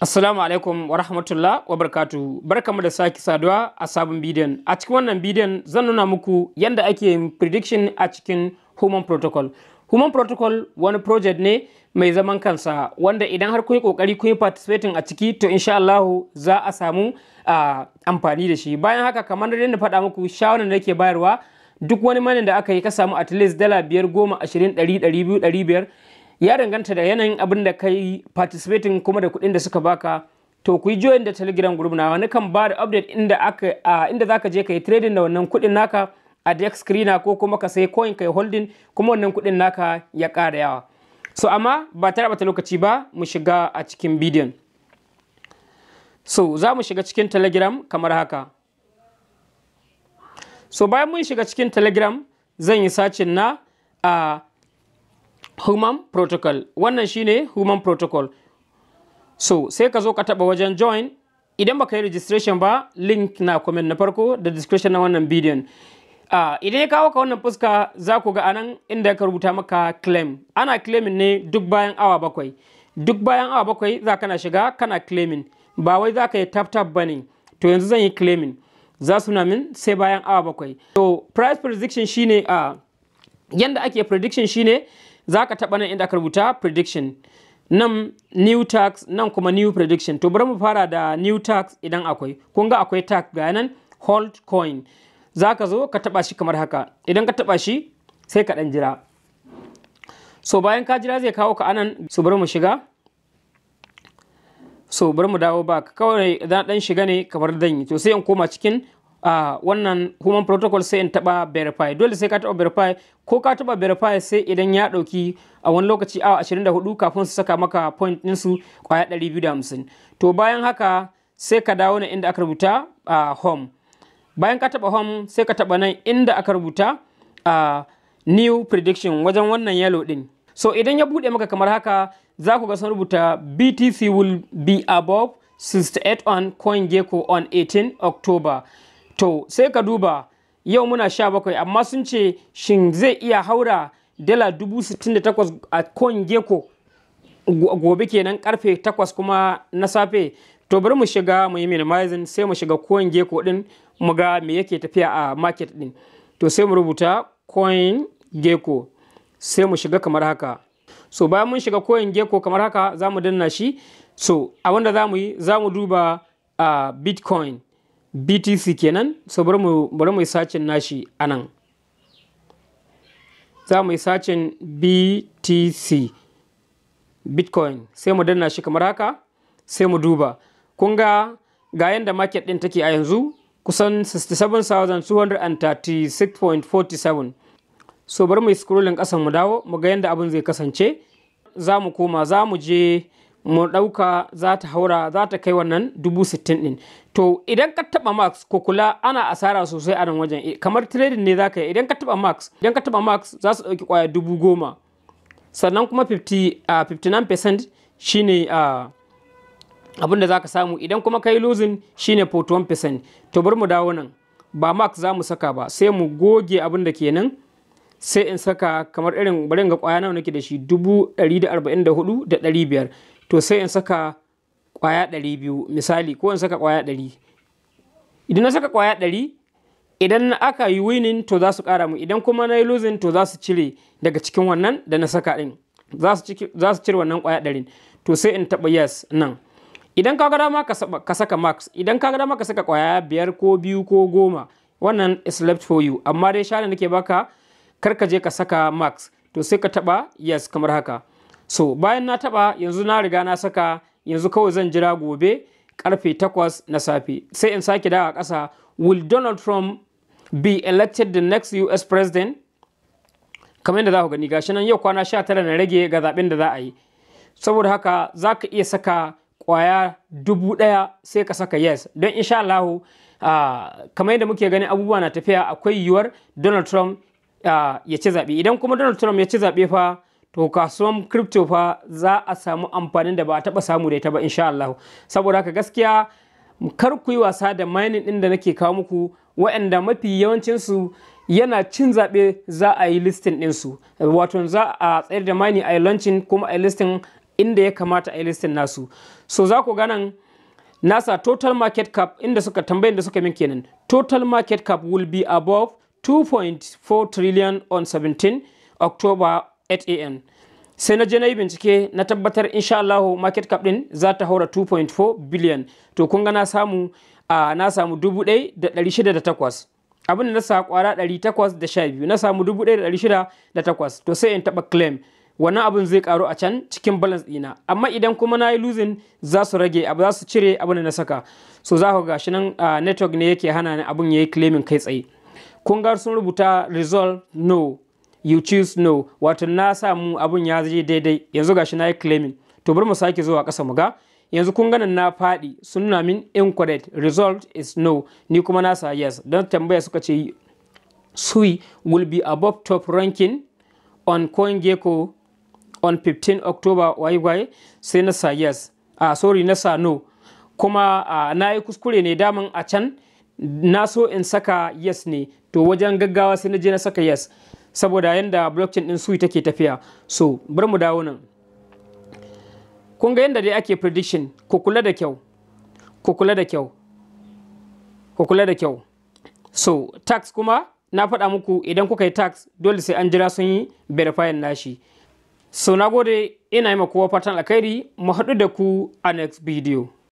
Assalamu alaikum wa rahmatullah wa barkatu. Barkamu da sake saduwa a sabon bidiyon. A cikin wannan bidiyon zan nuna muku yadda ake yin prediction a cikin Human Protocol. Human Protocol wani project ne mai zaman kansa wanda idan har kun yi kokari kun yi participating a ciki to insha Allah za a samu amfani da shi. Bayan haka kamar yadda na faɗa muku shawarar da nake bayarwa duk wani manin da aka yi ka samu at least dala biyar goma ashirin ɗari ɗari biyu ɗari biyar ya danganta da yanayin abin da kai participating kuma da kuɗin da suka baka to ku yi join da telegram group na wani kan ba da update inda aka uh, inda zaka je ka yi trading da wannan kuɗin naka a dex screener ko kuma ka sai coin kai holding kuma wannan kuɗin naka ya ƙara yawa so amma ba tare bata lokaci ba mu shiga a cikin bidiyon so za mu shiga cikin telegram kamar haka so bayan mun shiga cikin telegram zan yi sacin na a uh, human protocol wannan shine human protocol so sai ka zo ka taba wajen join idan baka yi registration ba link na comment na farko da description na wannan bidiyon Uh, idan ya kawo ka wannan fuska za ku ga anan inda ka rubuta maka claim ana claiming ne duk bayan awa bakwai duk bayan awa bakwai za kana shiga kana claiming ba wai za ka yi tap tap ba to yanzu zan yi claiming za su na min sai bayan awa bakwai to so, price prediction shine a uh, yanda ake prediction shine za ka taɓa nan inda ka rubuta prediction nan new tax nan kuma new prediction to bari mu fara da new tax idan akwai kun ga akwai tax ga nan hold coin za ka zo ka taɓa shi kamar haka idan ka taɓa shi sai ka ɗan jira so bayan ka jira zai kawo ka anan su bari mu shiga so bari mu dawo ba kawai dan shiga ne kamar dan yi to sai in koma cikin a wannan human protocol sai in taba verify dole sai ka taba verify ko ka taba verify sai idan ya dauki a wani lokaci awa 24 kafin su saka maka point su kwaya 250 to bayan haka sai ka dawo na inda aka rubuta a home bayan ka taba home sai ka taba nan inda aka rubuta a new prediction wajen wannan yellow din so idan ya bude maka kamar haka za ku ga sun rubuta btc will be above 68 on coin gecko on 18 october to sai ka duba yau muna sha bakwai amma sun ce shin zai iya haura dala dubu sittin da takwas a kon geko gobe kenan karfe takwas kuma na safe to bari mu shiga mu yi minimizing sai mu shiga kon geko din mu ga me yake tafiya a market din to sai mu rubuta coin geko sai mu shiga kamar haka so bayan mun shiga coin geko kamar haka za mu danna shi so a wanda za mu yi za mu duba a ah, bitcoin btc kenan so bari mu yi sacin nashi anan za mu yi sacin btc bitcoin sai mu danna shi kamar haka sai mu duba kun ga ga yanda market din take a yanzu kusan 67,236.47 so bari mu scrolling kasan mu dawo mu ga yadda abin zai kasance za mu koma za mu je mu ɗauka za ta haura za ta kai wannan dubu sittin ɗin to idan ka taɓa max ko kula ana asara sosai a nan wajen eh, kamar trading ne za ka yi idan ka taɓa max idan ka taɓa max za su ɗauki kwaya dubu goma sannan kuma 59% shine abin abinda za ka samu idan kuma ka yi losing shine 41% to bar mu dawo nan ba max za mu saka ba sai mu goge abin da kenan sai in saka kamar irin bari ga kwaya nawa nake da shi 144,500 to sai in saka kwaya ɗari biyu misali ko in saka kwaya ɗari idan na saka kwaya ɗari idan na aka yi winning to za su ƙara mu idan kuma na yi losing to za su cire daga cikin wannan da na saka ɗin za su cire wannan kwaya ɗarin to sai in taɓa yes nan idan ka dama ka saka max idan ka dama ka saka kwaya biyar ko biyu ko goma wannan is left for you amma dai shana nake baka kar ka je ka saka max to sai ka taɓa yes kamar haka so bayan na taba yanzu na riga na saka yanzu kawai zan jira gobe karfe 8 na safe sai in sake dawa ƙasa will donald trump be elected the next us president kamar yadda za ku gani gashi nan yau kwana tara na rage ga zaɓen da za a yi saboda haka za ka iya saka ƙwaya dubu ɗaya sai ka saka yes don insha Allahu uh, kamar yadda muke gani abubuwa na tafiya akwai yiwuwar Donald Trump ya ci zaɓe idan kuma Donald Trump ya ci zaɓe fa to kasuwan crypto fa za a samu amfanin da ba a taba samu da ita ba insha Allah saboda haka gaskiya kar ku yi wasa da mining din da nake kawo muku waɗanda mafi yawancinsu yana cin zaɓe za a yi listin ɗinsu wato za a tsayar da mining a yi launching kuma a yi listin inda ya kamata a yi listin nasu so za ku ganan nasa total market cap inda suka tambayin da suka min kenan total market cap will be above 2.4 trillion on 17 october 8am sai na je na yi bincike na tabbatar insha Allah market cap din za ta haura 2.4 billion to kun ga na samu a na samu 1,608 abin da na samu kwara 812 na samu 1,608 to sai in taba claim wannan abin zai karu a can cikin balance dina amma idan kuma na yi losing za su rage abu za su cire abin da na saka so za ku gashi nan network ne yake hana ni abin ya yi claiming kai tsaye kun ga sun rubuta resolve no you choose no wato na samu abun ya je daidai yanzu gashi na yi claiming to bari mu sake zuwa ƙasa mu ga yanzu kun ganin na faɗi sun nuna min incorrect result is no ni kuma na sa yes don tambaya suka ce sui will be above top ranking on CoinGecko on 15 October YY sai na sa yes ah sorry na sa no kuma ah, na yi kuskure ne daman a can na so in saka yes ne to wajen gaggawa sai na je na saka yes saboda yadda blockchain din sui take tafiya so bar mu dawo nan kun ga yadda dai ake prediction ku kula da kyau ku kula da kyau ku kula da kyau so tax kuma na faɗa muku idan kuka yi tax dole sai an jira sun yi verifying nashi so na gode ina yi ma kowa fatan alkhairi mu haɗu da ku a next video